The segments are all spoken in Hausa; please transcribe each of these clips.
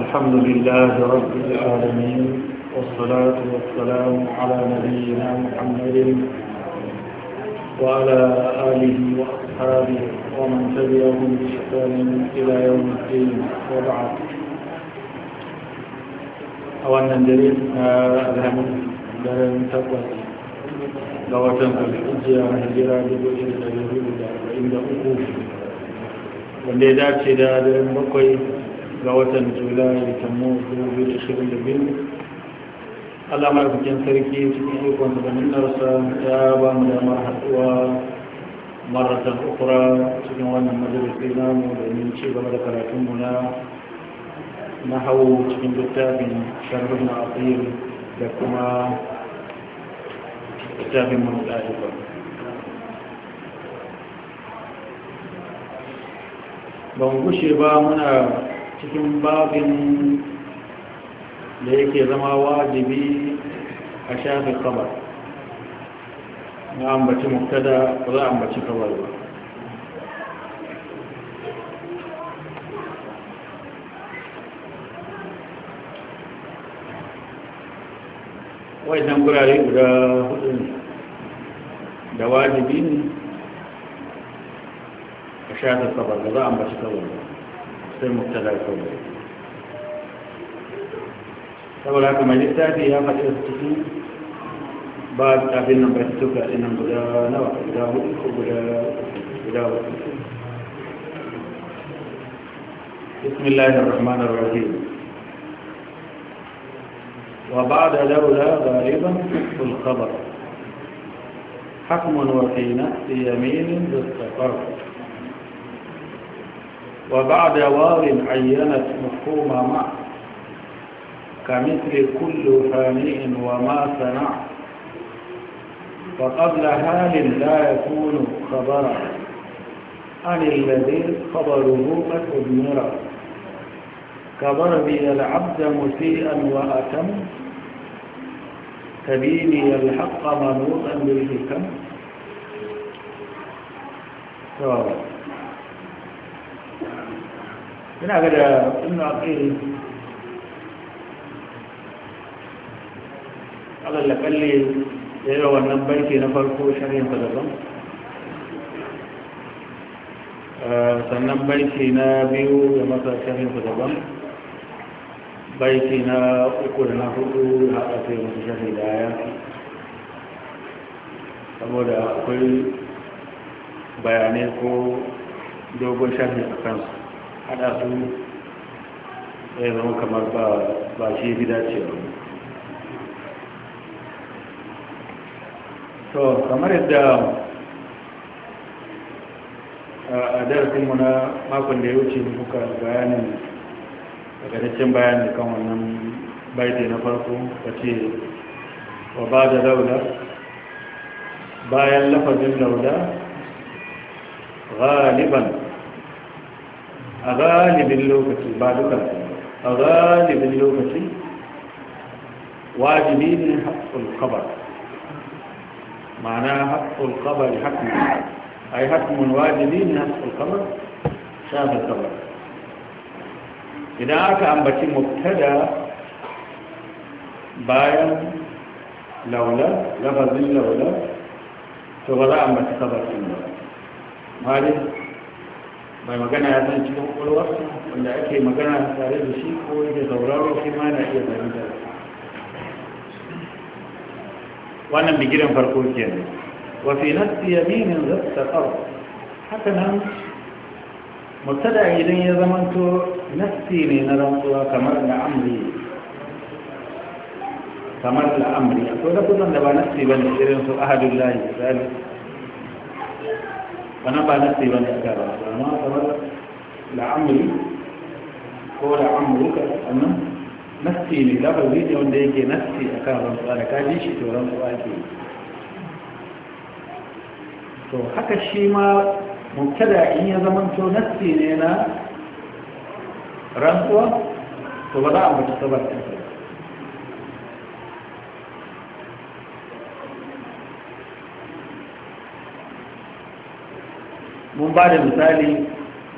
الحمد لله رب العالمين والصلاة والسلام على نبينا محمد وعلى آله وأصحابه ومن تبعهم بإحسان إلى يوم الدين وبعد أولا جريد أذهب درين تقوى لو تنقل الحجة هجرة بقية الأجهود وإن أقوم wanda ya dace da daren ga watan julai da tamu 2022 Allah mafikin sarki cikin ikon zamanarsa ya ba mu damar haɗuwa maratan ukura cikin wannan majalisi namu da domin ci gaba da karatunmu na na hau cikin littafin sharhun na asir da kuma littafin mun ɗaliba ban gushe ba muna cikin babin da yake zama wajibi a shafin kabar na ambaci muktada ba za a ambaci kabar ba wajen gurare guda hudu da wajibi ne a shafin kabar da za a ambaci kabar ba sai muktada kuma saboda haka mai littafi ya faɗi wasu cikin ba abin nan ba su tuka ɗinan guda nawa guda hudu ko guda guda hudu بسم الله الرحمن الرحيم وبعد لولا غالبا في الخبر حكم وفي نفس يمين بالتقرب وبعد وار عينت مفهوم مع كمثل كل فانئ وما صنع وقبل هال لا يكون خبرا عن الذي خبره قد أدمر كضربي العبد مسيئا وأتم تبيني الحق منوطا بالحكم طيب. ina ga da ina kai alal da kalle da yawa wannan banki na farko shari'in sa daban eh, sannan banki na biyu da masa shari'in sa banki na uku da na hudu da haɗa sai wasu shari'a da ya saboda akwai bayanai ko dogon shari'a a kansu ana su zai zama kamar ba shi fi dacewa to kamar yadda a darasinmu na makon da ya wuce muka bayanin takaitaccen bayanin kan wannan baiti na farko ka ce wa ba da laula bayan lafazin laula غالبا أغالب اللوكتي بعد ذلك أغالب اللوكتي واجبين حق القبر معناها حق القبر حكم أي حكم واجبين حق القبر شاهد القبر إذا أتى أن بتي مبتدا باين لولا لفظ لولا تغلى أن بتي خبر إنه هذه mai magana ya san cikin kwakwalwa wanda ake magana tare da shi ko da sauraro shi ma na iya fahimtar? wannan bigiran farko kenan wa fi nafsi yaminin zatta qaw haka nan mubtada idan ya zamanto nafsi ne na rantsuwa kamar da amri kamar da amri da lafuzan da ba nafsi bane irin su ahadullahi misali فنبع نفسي بني أكبر فما أكبر لعمل قول عمرك أن نفسي لله ويدي أن ديك نفسي أكبر فأنا كاليش تورم فأيكي تو حكا الشيما مبتدع إن يزمن تو نفسي لنا رنقوة تو بدأ أمر تصبر تصبر mun ba da misali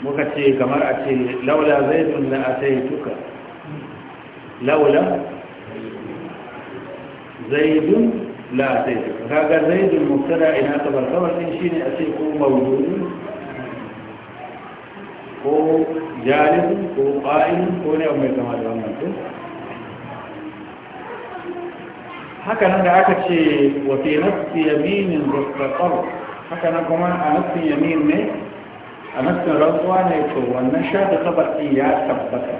muka ce kamar a ce laula zaitun na ataituka laula zaidun la ataituka kaga zaidun mubtada ina tabar tabar din shine a ce ko mawdu'un ko jalib ko qa'im ko ne mai kama da wannan to haka nan da aka ce wa fi nafsi yaminin mustaqarr haka nan kuma a nufin yamin ne a nufin rantsuwa ne to wannan shafi tabbaki ya tabbata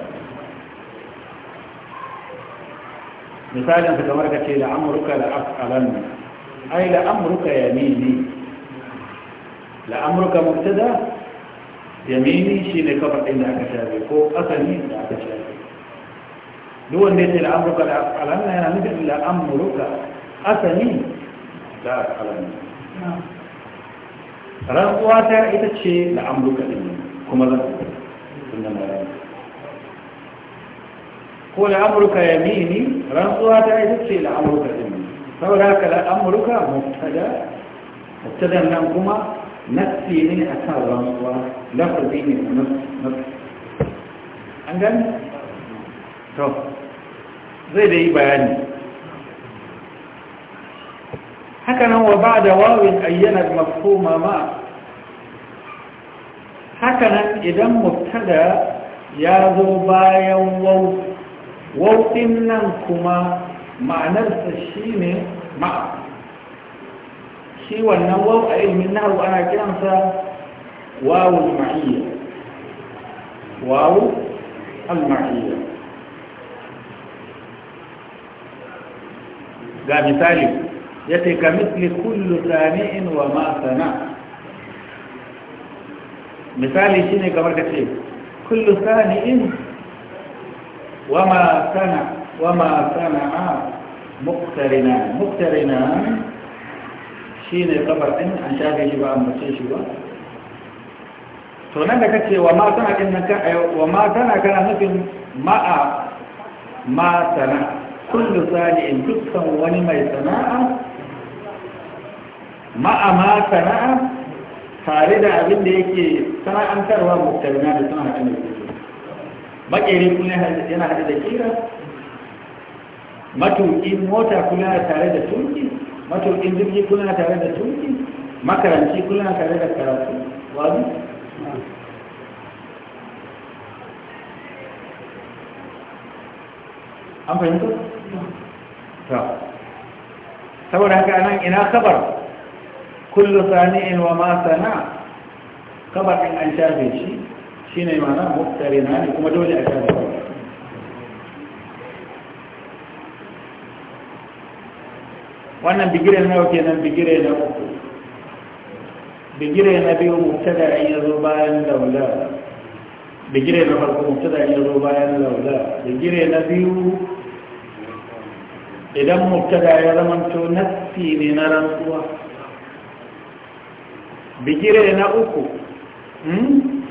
misalin su kamar ka ce da amurka da af'alan ai da amurka yamini da amurka mubtada yamini shi ne kabar ɗin da aka shafe ko asali da aka shafe duk wanda ya ce da amurka da af'alan yana nufin da amurka asali da af'alan rantsuwa ta ita ce da amurka ɗin kuma zan tunda na rantsu ko da amurka ya mini rantsuwa ta ita ce da amurka ɗin saboda haka da amurka mubtada nan kuma nafsi ne a kan rantsuwa lafazi ne na nafsi an gani to zai da yi bayani هكذا بعد واو أين المفهوم ما هكذا إذا مبتدا يا ذو بايا وو وو إنكما معنى الشين مع شي والنوو أي منها وأنا كلمة واو المعية واو المعية ده مثالي ya ce ka misli kullu sami'in wa ma sana misali ne kamar ka ce kullu sami'in wa ma wa ma sana'a muktarina muktarina shine kamar din an shafe shi ba a mace shi ba to nan da kace wa ma sana din nan ka wa ma kana nufin ma'a ma sana kullu sani'in dukkan wani mai sana'a ma'ama sana'a tare da abin da yake sana'antarwa muktarina da suna haɗe da kira makere kuma yana haɗe da kira matuƙi mota kuna tare da turki matuƙin jirgi kuna tare da turki makaranci kuna tare da karatu wani an fahimta? saboda haka nan ina sabar kullu sani'in wa ma sana kaba din an shafe shi shine ma'ana muktarina ne kuma dole a shafe shi wannan bigire yau kenan bigire na uku bigire na biyu mubtada in yazo bayan laula bigire na farko mubtada in yazo bayan laula bigire na biyu idan mubtada ya zama to nassi ne na rantsuwa bigire na uku hmm?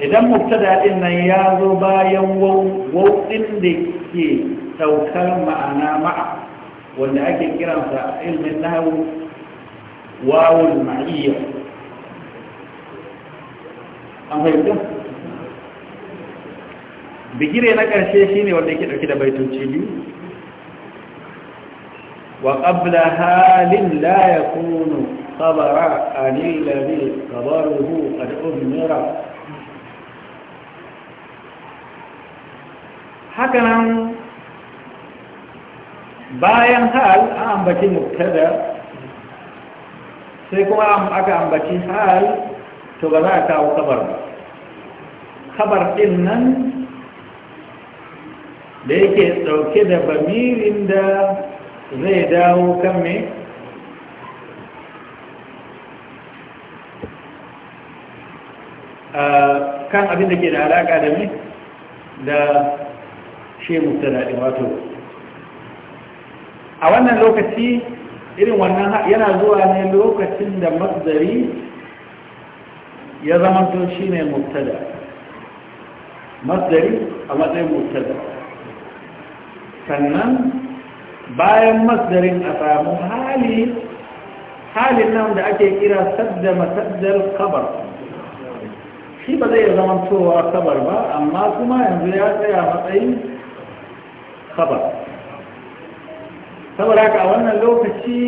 idan mubtada din nan ya zo bayan wau din da ke saukar ma'ana ma'a wanda ake kiransa ilmin nahu wawul ma'iyya an fahimta bigire na ƙarshe shine wanda yake ɗauki da baitoci biyu wa qabla halin la yakunu صبر عن الذي صبره قد أمر هكذا bayan hal an ambaci muktada sai kuma aka ambaci hal to ba za a kawo kabar ba kabar nan da yake ɗauke da bamirin da zai dawo kan mai kan abin da ke da alaƙa da mi da shi da wato a wannan lokaci irin wannan yana zuwa ne lokacin da matsari ya zama to shi ne mubtada matsari a matsayin mutada sannan bayan masdarin a samu hali halin nan da ake kira sadda masaddar kabar shi ba zai zama cewa kabar ba amma kuma yanzu ya tsaya matsayin kabar saboda haka a wannan lokaci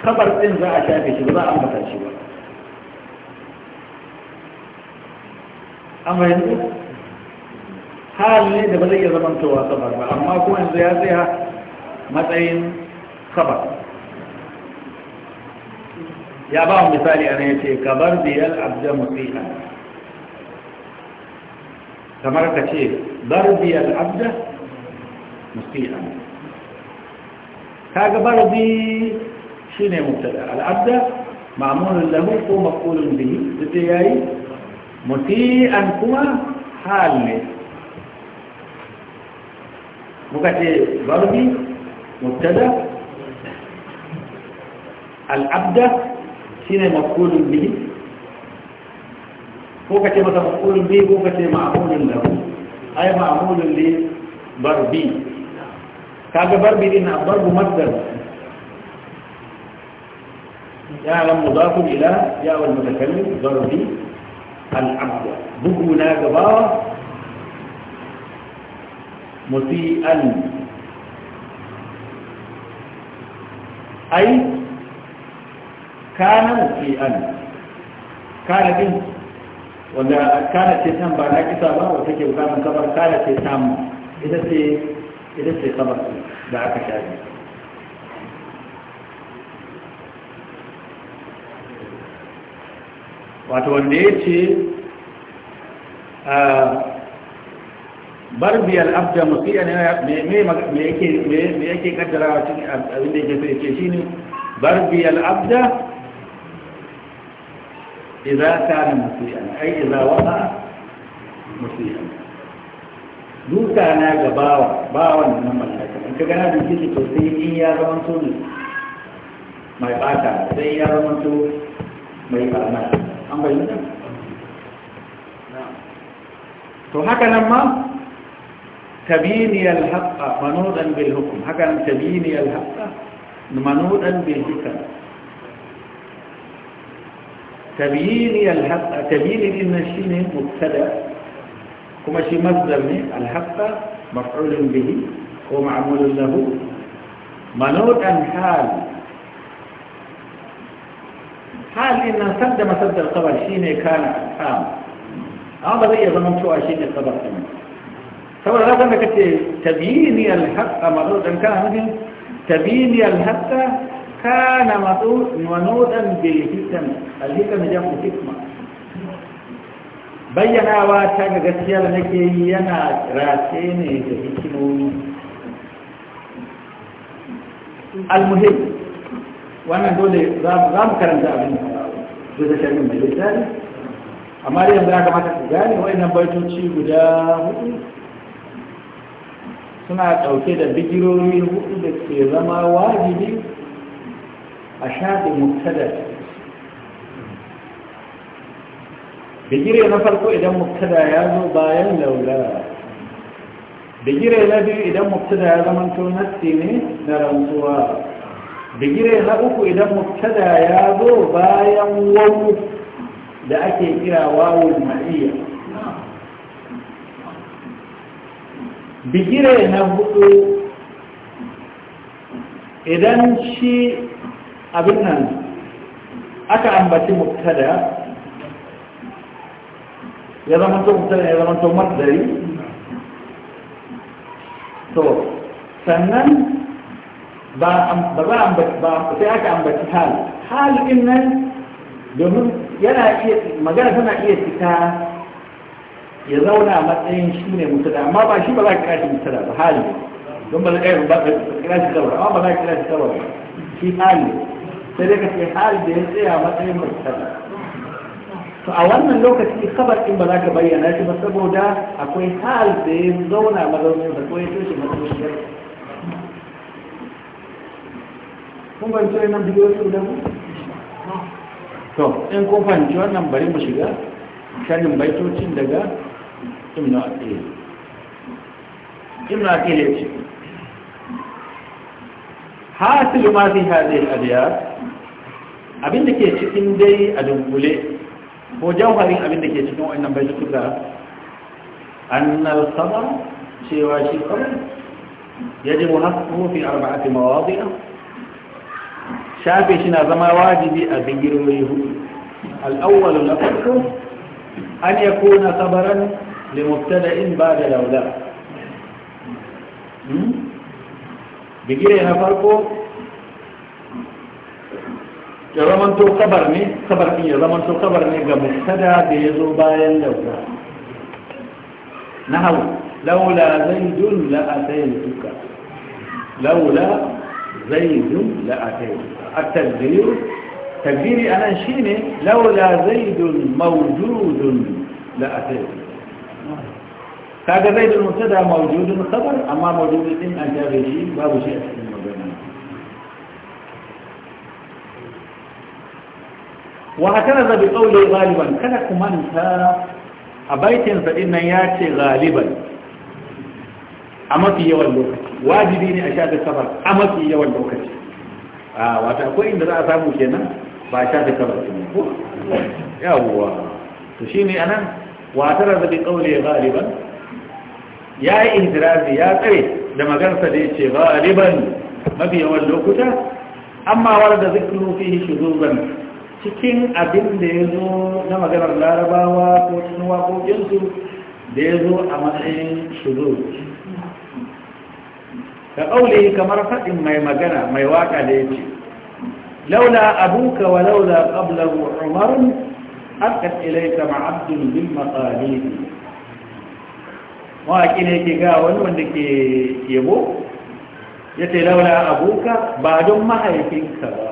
kabar ɗin za a shafe shi ba za a ambata shi ba amma yanzu hali da ba zai iya zamantowa kabar ba amma kuma yanzu ya tsaya matsayin kabar يا بعض مثال أنا يتي كبر دي العبد مسيحا تمرة كتير بر دي العبد مسيحا كاك بر دي شين مبتدا العبد معمول له هو مقول به بتياي مسيحا كما حال لي مكتي بر دي مبتدا العبد shine maqulun bihi ko kace masa maqulun bihi ko kace ma'mulun lahu ay ma'mulun li barbi kaga barbi din na barbu masdar ya lam mudaf ila ya wal mutakallim barbi al abd buguna gaba muti'an ay kana an kana din wanda kana ce san ba na kisa ba wa take bukatar kabar kana ce samu ita ce ita ce kabar da aka shafi wato wanda ya ce ah, barbi abjan musiya ne me yake a cikin abin da ya ce shi ne biyar abjan إذا كان مسيئا أي إذا وقع مسيئا دوتا أنا جباوة باوة من ملكة إنك كان بيجي تسيئي يا رمضان mai bata sai ya zamanto mai barna an bayyana to haka ma tabini alhaqqa manudan bil hukm haka nan tabini alhaqqa manudan bil تبيين الحق تبيين إن شيء مبتدا كما شيء مصدر الحق مفعول به ومعمول له منوط عن حال حال إن سد مسد الخبر شيء كان حام هذا بقى زمان شو شيء الخبر سواء هذا haka da kace tabiyini alhaqqa ma'rudan kana Kana كان منودا بالهكم الهكم جمع Hikma. bayyanawa ta ga gaskiya da nake yi yana race ne da hikimomi almuhim wannan dole za mu karanta abin da da shirin mai littafi amma da yanzu ya kamata su gane wa'annan baitoci guda hudu suna ɗauke da bigirori hudu da ke zama wajibi a shafi muktada bigire na farko idan muktada ya zo bayan laula bigire na biyu idan muktada ya zama to ne na rantsuwa bigire na uku idan muktada ya zo bayan wawu da ake kira wawul ma'iyya bigire na hudu idan shi abin nan aka ambaci muktada, ya zama to ya zama to madari to sannan ba za a ba sai aka ambaci hal hal din nan domin yana iya magana tana iya fita ya zauna a matsayin shi ne mutada amma ba shi ba za ka kashi mutada ba hali don ba za ka kira shi amma ba za ka shi hali sai daga ce hal da ya tsaya matsayin mai sabar to a wannan lokaci sabar din ba za ka bayyana shi ba saboda akwai hal da ya zauna mazaunin da ko ya shi mazaunin kun bance nan biyu su da mu to in kun fahimci wannan bari mu shiga shanin baitocin daga ibnu aqil ibnu aqil ya ce hasil ma fi hadhihi al abinda ke cikin dai a dunkule ko jauharin abinda ke cikin wannan bai suka annal sama cewa shi kawai yajibu hasbuhu fi arba'ati mawadi'a shafi shina zama wajibi a bigirwai hudu al'awwal na farko an yakuna sabaran li mubtada'in ba'da lawla bigire na farko ya zamanto kabar ne kabar din ya zamanto kabar ne ga mubtada da ya zo bayan na hau laula zaidun la ataytuka laula zaidun la ataytuka at A tadbiri anan ne laula zaidun mawjudun la ataytuka kaga zaidun mubtada mawjudun khabar amma mawjudun din an jabe shi babu shi a cikin wa akana bi qawli ghaliban kada ku manta a baitin sa din nan ya ce ghaliban a mafi yawan lokaci wajibi ne a shafi safar a mafi yawan lokaci a wata akwai inda za a samu kenan ba a shafi safar ne ko yawwa to shine anan wa tara bi qawli ghaliban ya yi intirazi ya tsare da magansa da ya ce galiban mafi yawan lokuta amma warda zikru shi shuzuzan cikin abin da ya zo na maganar larabawa ko cikin waƙoƙinsu da ya zo a matsayin shudu ka ƙaule kamar faɗin mai magana mai waƙa da ya ce laula abuka wa laula ƙablar umarun askat ilaika ma'abdun bil maqalidi mawaƙi ne ke ga wani wanda ke yabo ya ce laula abuka ba don mahaifinka ba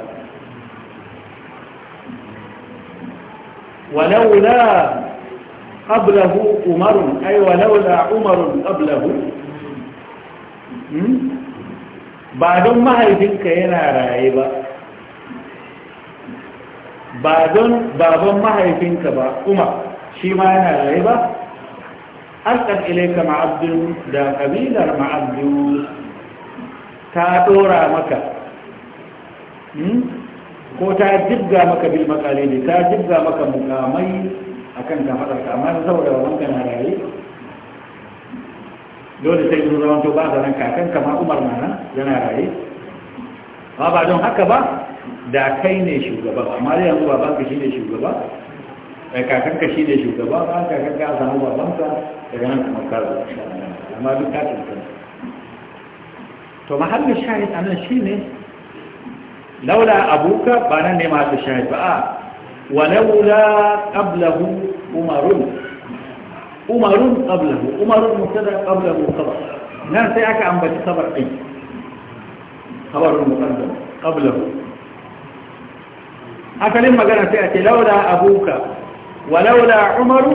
ولولا قبله عمر أي ولولا عمر قبله بعد ما هيدين كينا رائبا بعدون بعدون ما هي فين كبا أما شيء ما أنا غيبة أرسل إليك مع عبد دا قبيلة مع عبد تاتورا مكة ko ta jibga maka bil makale ne ta jibga maka mukamai akan ta fadar ka amma saboda wannan kana raye dole sai sun zama to ba da nan kakan kama Umar mana yana raye ba ba don haka ba da kai ne shugaba amma yanzu ka shine shugaba kai eh, kakan ka shine shugaba ba kakan ka samu ka daga nan kuma ka zo amma duk ka tantance to mahallin shahid anan shine laula abuka ba nan ne masu shafi a walaula qablahu umarun umarun qablahu umarun mutada qablahu khabar nan sai aka ambaci khabar din khabarun muqaddam qablahu akalin magana sai a ce laula abuka walaula umaru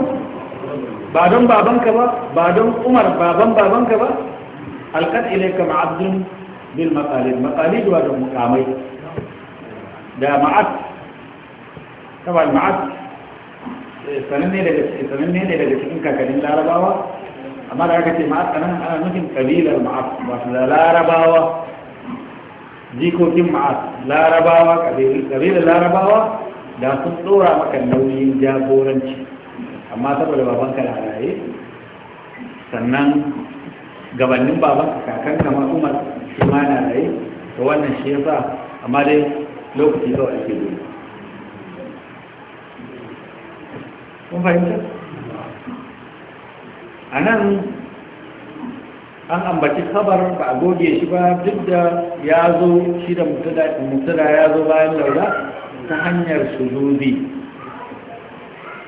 ba don babanka ba ba don umar baban babanka ba alqad ilayka ma'abdun bil maqalid maqalid wa muqamai da ma'ad taba ma'ad sananne ne daga cikin kakannin larabawa amma da aka ce ma'ad sanan ana nufin kabilar ma'ad wasu da larabawa jikokin ma'ad larabawa kabilar larabawa da sun tsora maka nauyin jagoranci amma saboda babanka da halaye sannan gabanin babanka kakan kama umar shi ma na raye to wannan shi ya sa amma dai lokaci zuwa ake gudu kun fahimta a nan an ambaci kabar ba a goge shi ba duk da ya zo shi da mutada ya zo bayan laura ta hanyar suzuzi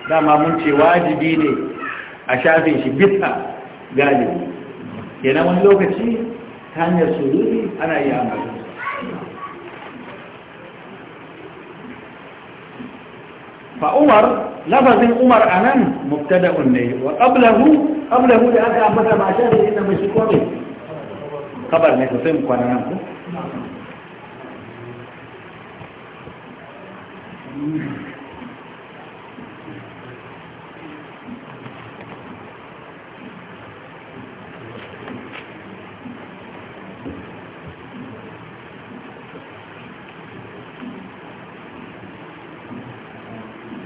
dama mun ce wajibi ne a shafin shi bisa galibi kenan wani lokaci ta hanyar suzuzi ana iya ambaci fa umar lafazin umar a nan mubtada'un ne wa qablahu qablahu da aka ambata ba shi da inda mai shi ne kabar ne sosai mu kwana nan ko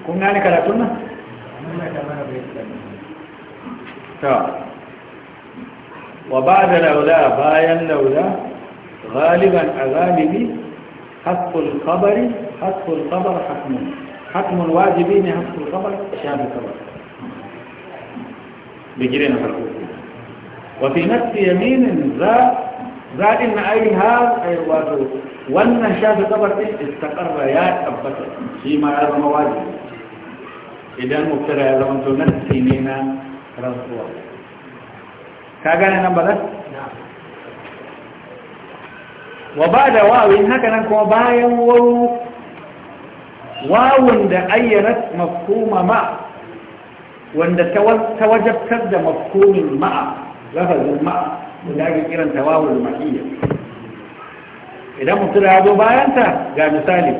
كنا لك لا كنا وبعد لولا بايا لولا غالبا أغالبي حق الخبر حق الخبر حكم حكم الواجبين حق الخبر شاب الخبر بجرين حق وفي نفس يمين ذا ذا إن أي هذا أي الواجب وأن شاب الخبر استقر يا أبتر فيما يرمى واجبه idan mubtada ya zama to nasi ne na rantsuwa ka gane nan ba za wa ba da wawin haka nan kuma bayan wawu wawun da ayyana mafhuma ma wanda ta wajabtar da mafhumin ma'a lafazin ma'a da ake kiranta wawul ma'iyya idan mutum ya zo bayanta ga misali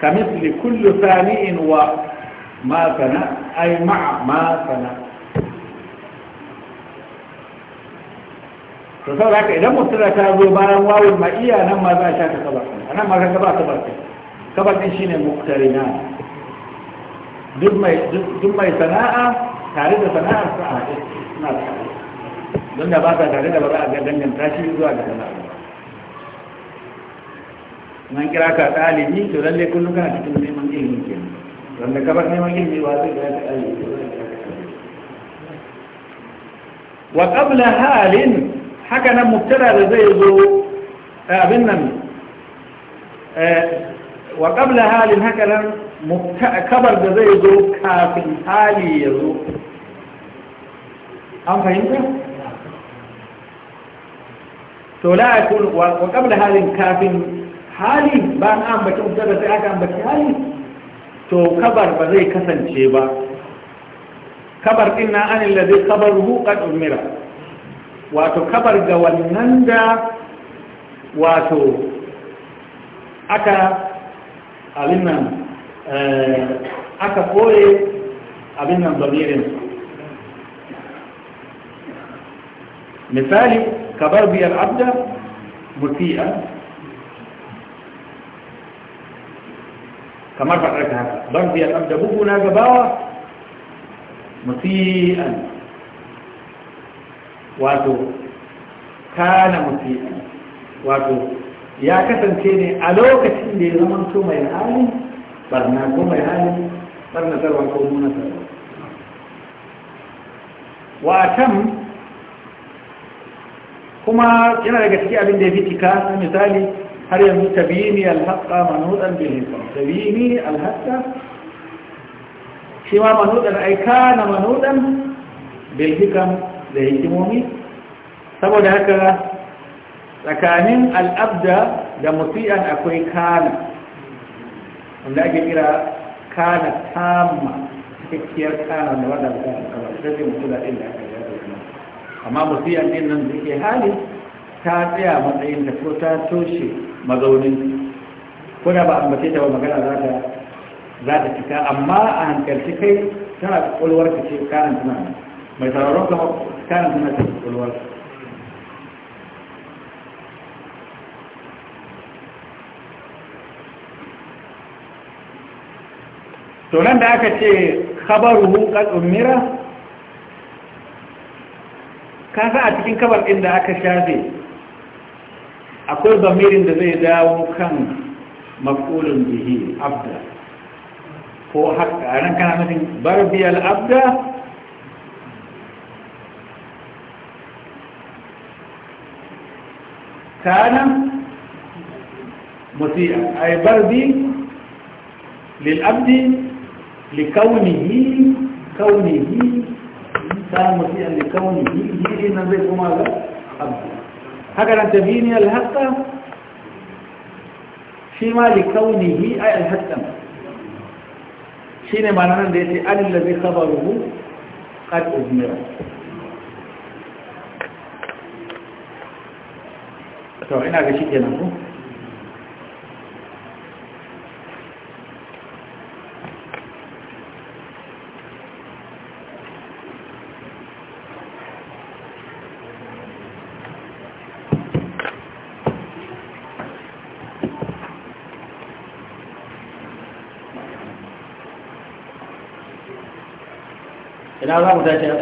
kamisli kullu sami'in wa ma sana ai ma'a ma sana to sau haka idan mutura ta zo bayan wawun ma iya nan ma za a sha ta kabar a nan ma ka gaba kabar ta kabar ɗin shine muktarina duk mai sana'a tare da sana'a sa a haɗe suna tare don da ba ta tare da ba za a ga danganta shi zuwa ga sana'a nan kira ka ɗalibi to lallai kullum kana cikin neman لما كبرنا نعم ما كان بيواجه ذات أي وقبل حال حكنا نعم مبتدا بزيد ابن آه، نمي آه، وقبل حال هكذا نعم مبت... كبر بزيد كافي حالي يزو أم فهمت؟ تو لا يكون وقبل حال كافي حالي بان أم بك مبتدا بزيد آه، حالي to kabar ba zai kasance ba kabar din na anin da zai kabar hukar umira wato kabar ga wannan da wato aka abin nan eh, aka koye abin nan domirin misali kabar biyar abda muti'a kamar faɗar ka haka ban fiye da bugu na gabawa musi'an wato kana musi'an wato ya kasance ne a lokacin da ya zama so mai hali barna ko mai hali barna sarwa ko nuna sarwa watan kuma yana daga ciki abin da ya fi cika misali هل يمضي تبييني الحق منهودا به تبييني الحق سوى منهودا أي كان منهودا بالحكم لهيكموني سبو دهك لكانين الأبدى دمسيئا أكوي كان عند أجل إلى كان تاما كثير كان من وضع كان فلسفي مقولة إلا أما مسيئا إن نمزيكي هالي تاتيا مطعين تكوتا توشي mazaunin ko da ba a mace ta ba magana za ta za ta cika amma a hankalci kai tana kwakwalwar ka ce karin tana mai sauraron ka karin tana ta kwakwalwar to nan da aka ce khabaruhu qad umira ka sa a cikin kabar ɗin da aka shafe akwai bamirin da zai dawo kan makulun bihi abda ko haka a ran kana nufin barbiyal abda kana musi'a ay barbi lil abdi li kaunihi kaunihi ta musi'a li kaunihi yi nan zai kuma ga abda haka nan tabini alhaqqa shi ma li kaunihi ay alhaqqan shine ma'anar da yace allazi khabaruhu qad uzmira to ina ga shi kenan ku. ina za mu tashi a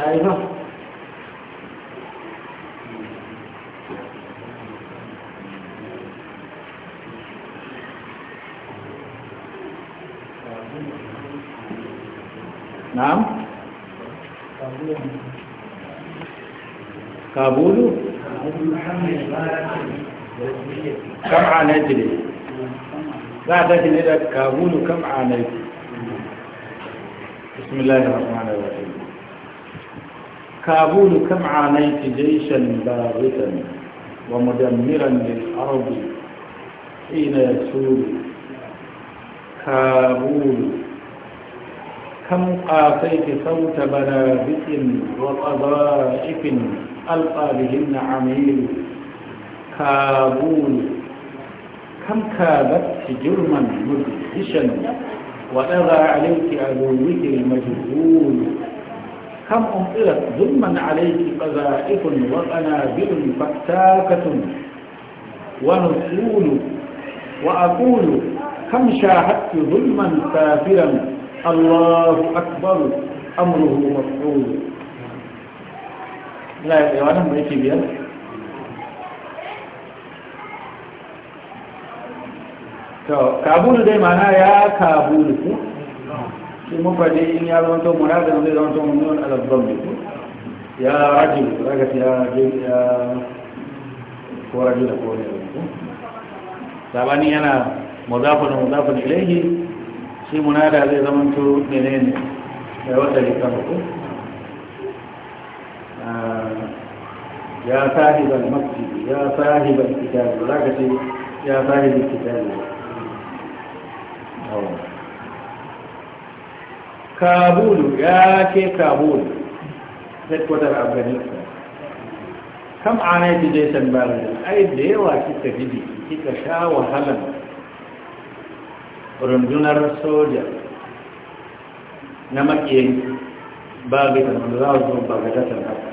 na'am kabulu kam a najiri za a tashi ne da kabulu kam a najiri bismillahirrahmanirrahim كابول كم عانيت جيشا باغتا ومدمرا للأرض حين يسود كابول كم قاسيت صوت بنابس وقضائف ألقى بهن عميل كابول كم كابت جرما مدهشا وأغى عليك عدوك المجهول كم أمطرت ظلما عليك قذائف وقنابل فتاكة ونسول وأقول كم شاهدت ظلما كافرا الله أكبر أمره مفعول لا يا أنا ما يجي to كابول dai mana ya shi mufradi in ya zama to munadar zai zama to munun alabban ya rajul zaka ce ya ya ko rajul ko ne sabani yana mudafun mudafun ilayhi shi munada zai zama to menene ya wata rika ko ya sahibar masjidi ya sahibar kitabu zaka ce ya sahibar kitabu kabul ya ke kabul headquarter afghanistan kam ana yi jason barney ai da yawa kika gidi kika sha wahalar rundunar soja na makiyayi ba ga ita wanda za su zo ba ga tashin haka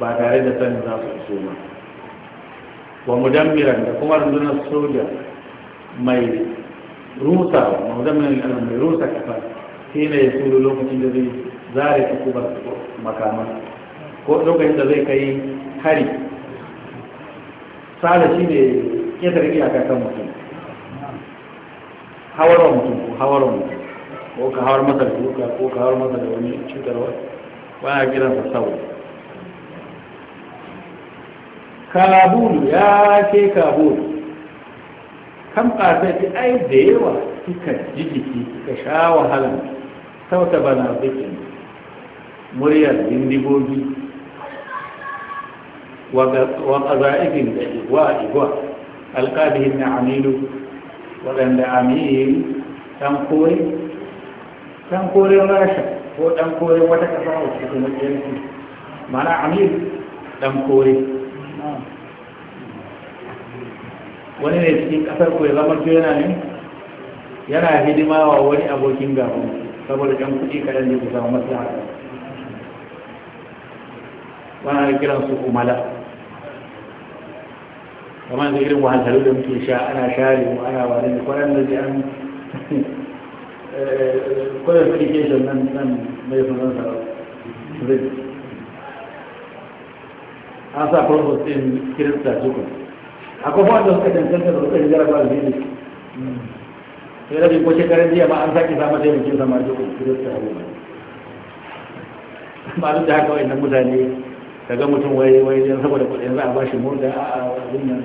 ba tare da sanin za su so ba wa mudammiran da kuma rundunar soja mai rusa wa mudammiran mai rusa kafa shine ya tsoro lokacin da zai zare ta kuma makaman ko lokacin da zai kai hari sada shi ne ƙetare iyaka kan mutum hawarwa mutum ko hawarwa mutum ko ka hawar masa da duka ko ka hawar masa da wani cutarwa baya sa sau kabul ya ke kabul kan ƙasa ta ai da yawa suka ji suka sha wahala sauta bana zikin muryar bindigogi wa ƙaza'ibin da igwa igwa alƙadihin na amilu waɗanda amil ɗan kore ɗan kore rasha ko ɗan kore wata ƙasa a cikin majalisi mana amil ɗan kore wani ne cikin ƙasar ko ya zama yana ne yana hidima wa wani abokin gaban saboda ɗan kuɗi kaɗan da ku samu maslaha wannan kiran su umala kamar da irin wahalhalu da muke sha ana share mu ana wani da kwanan da ji an kwanan application nan nan mai sunan sa an sa kwamfus ɗin kirista tukun akwai wanda suka cancanta da suka yi jarabar da sai rabi ko shekarar jiya ba an sake samun mutum sama da kirista ba duk da haka wa'annan mutane daga mutum wai wai yan saboda kudin za a ba shi mota a abin nan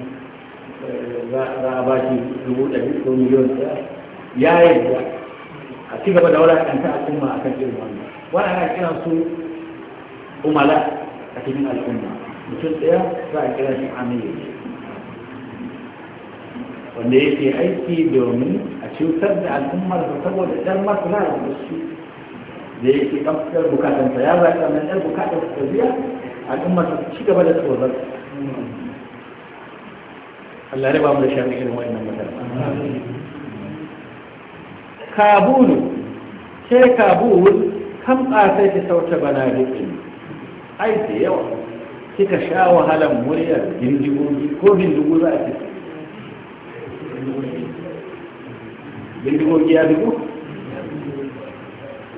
eh, za a ba shi dubu ɗari ko miliyon ɗaya ya yarda a ci gaba da ta al'umma a kan irin wannan wannan ana kiran su umala a cikin al'umma mutum ɗaya za a kira shi amiri wanda yake aiki domin cutar da al'ummar da saboda ɗan masana da su da yake ɗaukar bukatansa ya zaɓi wannan ɗan bukatar su tafiya al'ummar su ci gaba da tsoron Allah ba mu da shafi irin wa'annan mutane kabulu ke kabul kam ƙasai ki sauta bana da ai da yawa kika sha wahalan muryar jirgin ko jirgin za a ce bindigogi ya dubu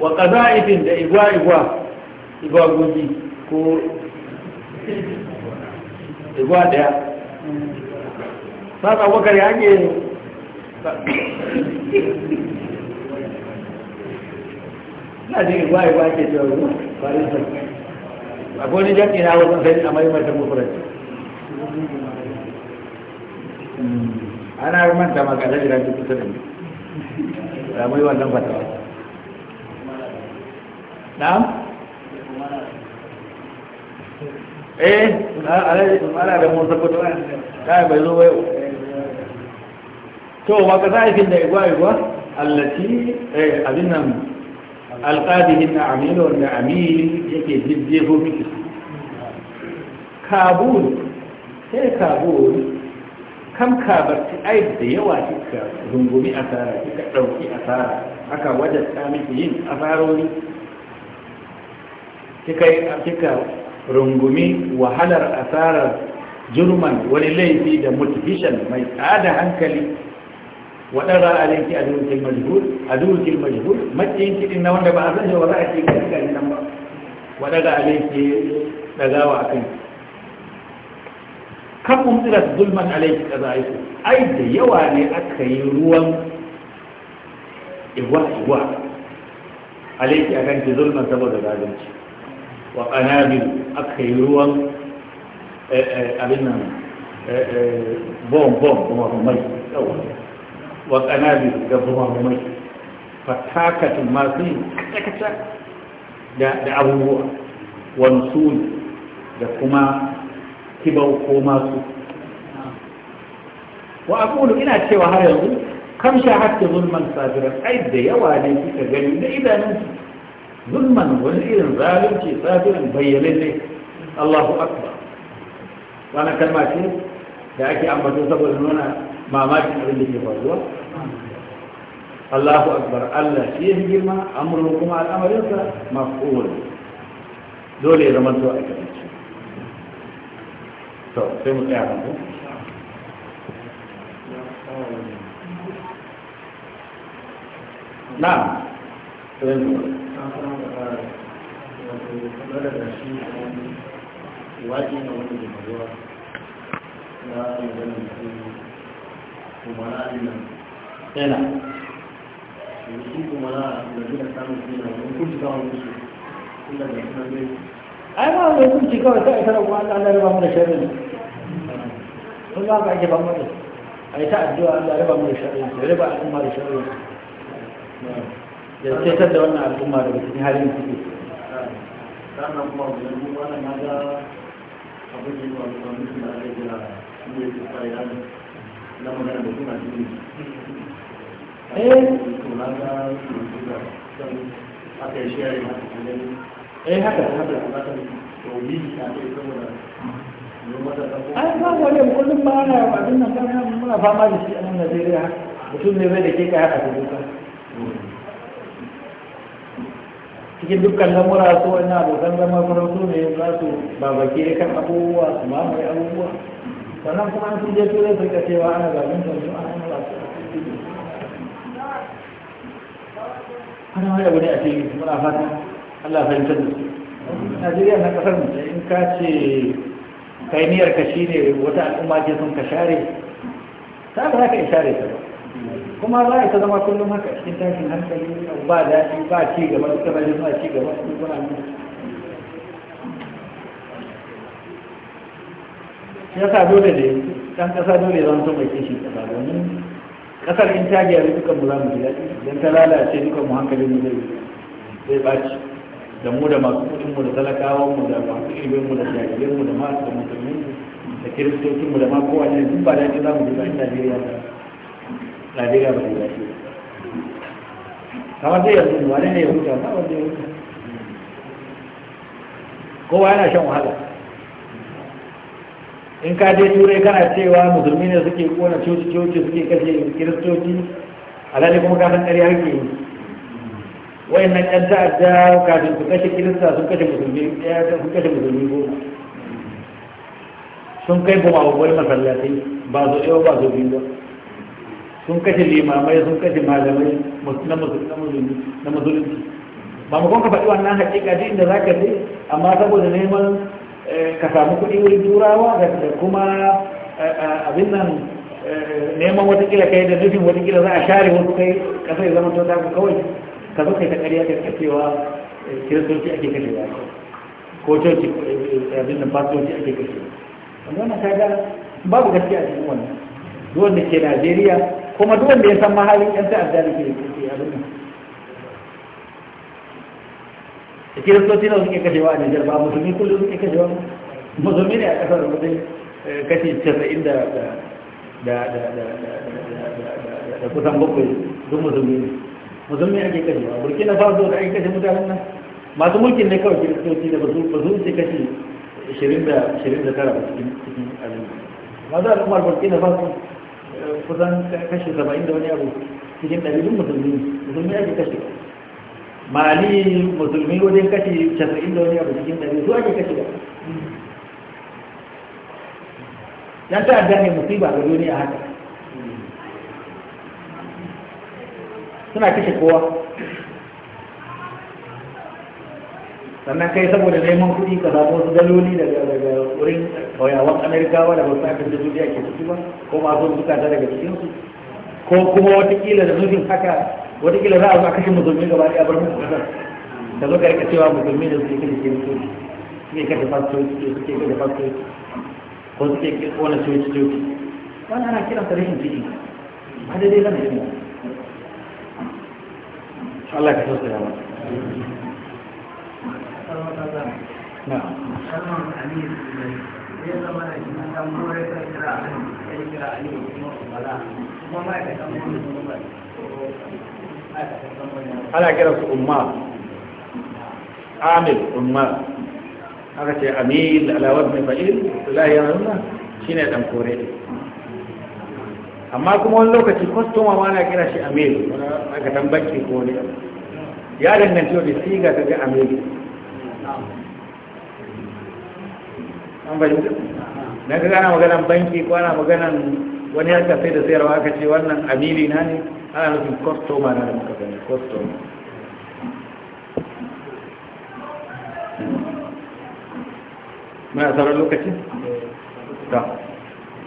wa da igwa-igwa ko igwa daya sata wakar ya ke na ji igwa-igwa ke akwai ni wasan sai a maimaitar mafarci ana manta maka da jirage kusa da ramai wannan fata na'am eh ana da musa kwato kai bai zo bai to maka sa'ifin da igwa igwa allaci eh abin nan alƙadihin na amilu wanda amil yake jijjefo miki kabul sai kabul kamka barci ai da yawa kika rungumi asara kika ɗauki asara aka wajasta miki yin asarori kika kika rungumi wahalar asarar jurman wani laifi da motivation mai tsada hankali waɗanda alinki a dukin majhul a dukin majhul matsayin kiɗin na wanda ba a san wa ba za a ce nan ba waɗanda alinki ɗagawa akan kanki kan mumtirat zulman alaiki kaza yi ai da yawa ne aka yi ruwan iwa iwa alaiki akan ki zulman saboda zalunci wa qanabil aka yi ruwan eh, eh, abin nan eh, bom bom kuma mai wa qanabil da kuma mai fatakatun masu kaca da abubuwa wansu da kuma kibau ko masu wa aqulu ina cewa har yanzu kam sha shahadtu zulman sabiran ai da yawa ne kika gani da idanun zulman wani irin zalunci sabiran bayyane ne Allahu akbar wannan kalma ce da ake ambato saboda nuna mamakin abin da ke faruwa Allahu akbar Allah shi ya girma amuru kuma al'amarinsa maf'ul dole ya zama to aikata to sai mu tsaya ku na sai mu yana shi kuma na da samun gina wani kuma samun su kuma da suna zai ai ma mai kunci kawai ta ita rabuwa Allah mu da sharri sun za ka ake ba mu ta addu'a Allah raba mu da sharri ya raba al'umma da sharri ya cetar da wannan al'umma daga cikin halin ciki sannan kuma wani wani na ga abin da yawa da mutum da ake jira shi ne su fara na magana da suna cikin eh to na ga aka yi shi yare na cikin eh haka haka ai ba wani kullum ba ana abin nan kan muna fama da shi a nan Najeriya haka mutum ne bai da ke kai haka da duka cikin dukkan lamura su wani abokan zama faransu ne za su babake kan abubuwa su mamaye abubuwa sannan kuma an sun je turai su cewa ana zaɓen ana ana ba su ana wani abu ne a cikin muna fata Allah fahimtar da su Najeriya na kasar mu in ka ce kainiyar ka shi ne wata al'umma ke sun ka share ta ba za ka share ta kuma za ta zama kullum haka cikin tashin hankali ba daɗi ba ci gaba suka bari a ci gaba su suna ya sa dole ne ɗan ƙasa dole zan so mai kishi ƙasa domin ƙasar in ta gyaru dukan mu za mu ji daɗi idan ta lalace dukan mu hankali mu zai zai ci. da mu da masu kudin mu da talakawan mu da masu ilimin mu da jami'an mu da masu da musulmin da kiristocin mu da ma kowa ne duk ba ke za mu je bayan Najeriya ba Najeriya ba da dace kamar dai yanzu wani ne ya huta ba wanda ya huta kowa yana shan wahala in ka je turai kana cewa musulmi ne suke kona coci coci suke kashe kiristoci alhali kuma kasan ɗari ƙarya yi wayan wayannan yan ta'adda kafin su kashe kirista sun kashe musulmi eh, sun kashe musulmi goma sun kai kuma wani masallaci ba zo ɗaya ba zo biyu ba sun kashe limamai sun kashe malamai na musulmi na musulmi ba mu kuma faɗi wannan haƙiƙa din da zaka je amma saboda neman eh, ka samu kuɗi wurin turawa da kuma eh, abin nan neman wata kila kai da nufin wata kila za a share wasu kai ƙasar zama to ta kawai ka zo kai ta kariya ka cewa kiristoci ake kashewa ba ko coci abin da fasoci ake kashewa amma wannan kaga babu gaskiya a cikin wannan duwan da ke Najeriya kuma duwan da ya san mahalin yan ta'adda da ke ke duniya da kiristoci na suke kashewa a Nijar ba musulmi kullum suke kashewa musulmi ne a ƙasar da kashi casa'in da da da kusan bakwai duk musulmi ne mu zama ake kashewa burkina faso da ake kashe mutanen nan masu mulkin ne kawai kiristoci da ba su ce kashe 29 ba cikin cikin azumi masu al'ummar burkina faso eh, kusan kashe 70 da wani abu cikin ɗalibin musulmi musulmi ake kashe mali musulmi wajen kashe 90 da wani abu cikin ɗalibin su ake kashe ba hmm. yan ta'adda ne musiba ga duniya haka suna kashe kowa sannan kai saboda neman kuɗi ka samu wasu daloli daga wurin kauyawan amerikawa da wasu abin da duniya ke ciki ba ko masu bukata daga cikinsu ko kuma watakila da nufin haka watakila za a zuwa a kashe musulmi gaba ɗaya bar musu ƙasar da zo ka cewa musulmi da suke kashe kiristoci suke kashe fastoci suke kashe fastoci ko suke kona coci coci wani ana kiransa rashin ciki ba daidai zama shi Allah ka tausaya ba ana kira su umma amir umma aka ce Amir, alawar mai fa'il la yanzu shine dan kore amma kuma wani lokaci kwastoma ma na kira shi a mail aka tambanci ko wani ya danganci wani siga ta ga a mail an fahimta na ga ana maganan banki ko ana maganan wani harka sai da sayarwa aka ce wannan amiri na ne ana nufin kwastoma na da muka gani kwastoma mai a sauran lokaci? ta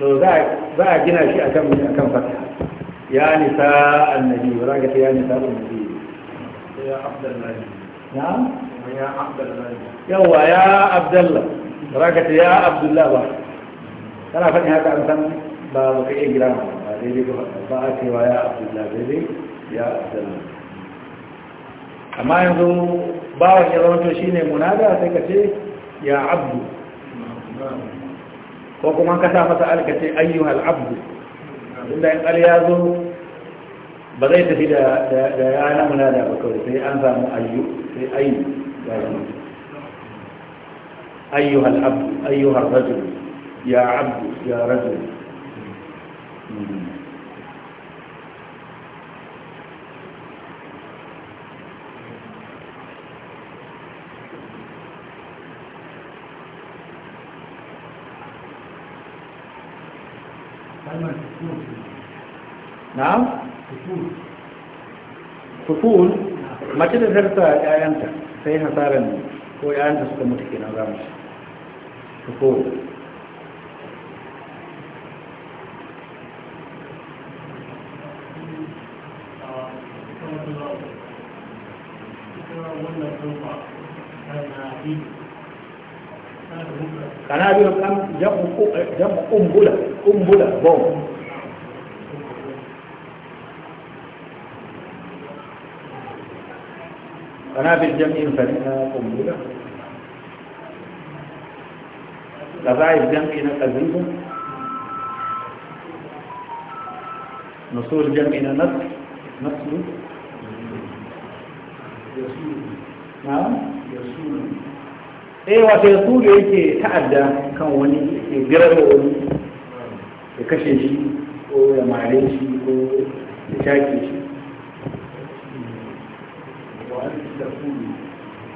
to za a gina shi akan akan fata ya nisa annabi za ka ya nisa annabi ya Abdullahi. na ya abdullah yawa ya abdullah za ka ya Abdullahi? ba kana faɗin haka an san ba ba ka iya gira ba daidai ba a cewa ya abdullah daidai ya Abdullahi. amma yanzu bawan ya zama to shine munada sai ka ce ya abdu ko kuma ka sa masa alkace ayyuhal abdu inda in al ya zo ba zai tafi da ya na da ba kawai sai an samu ayyu sai ayyu ya zama ayyuhal abdu ayyuhal rajul ya abdu ya rajul hmm. na'am fukul mace da zarta ƴaƴanta sai hasaran ko ƴaƴanta suka mutu kenan za mu ci fukul kana bi kan eh, jamu kumbula kumbula bom أنا بالجمع فإنها قنبلة قضايا الجمع قذيبة نصور جمعنا نصر نصر نعم يسول eh wato ya su da yake ta'adda kan wani ya birar da wani ya kashe shi ko ya mare shi ko ya shaƙe shi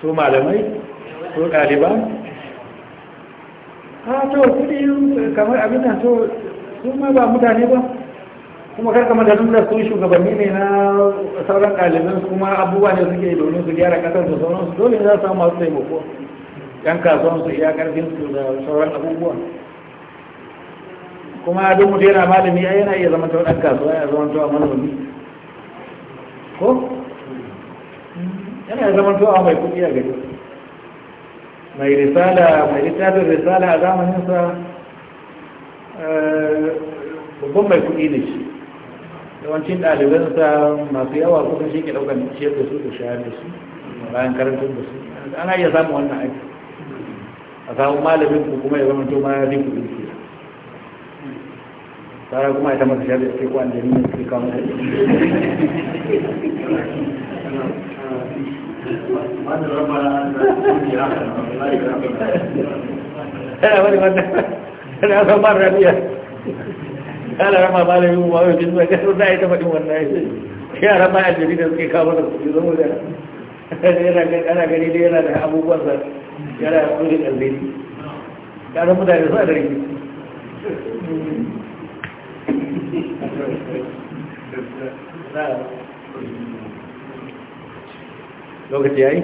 su malamai su ɗaliba a to kuɗi kamar abin da to su ma ba mutane ba kuma karka madadin da su shugabanni ne na sauran ɗaliban kuma abubuwa ne suke domin su gyara ƙasar da su dole za su samu masu taimako yan kasuwan su iya ƙarfin su da sauran abubuwa kuma duk mutum yana malami yana iya zama ta ɗan kasuwa ya zama ta manomi ko yana zama towa mai kudi a gari mai risala mai littafin risala a zamaninsa eh, babban mai kudi ne shi yawancin ɗalibansa masu yawa kuma shi ke ɗaukar ciyar da su da shayar da su bayan karantar da su ana iya samun wannan aiki a samun malamin ku kuma ya zama to ma ya fi kuɗi ke tsara kuma ya ta masa shayar da suke ko an jami'in suke kawo masa ana wani wannan ana zan ba rabiya rama ba da yiwu mawai jin zai da ya ta faɗin wannan yara ba a jiri da suke kawo da kuɗi zama da ana gani da yana da abubuwan yana da kuɗi ɗalbe ya zama da yasa da rikici Thank you. lokaci yayi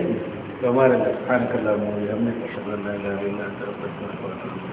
to mara da ta wa bihamdika ya mai kashe ilaha na anta astaghfiruka wa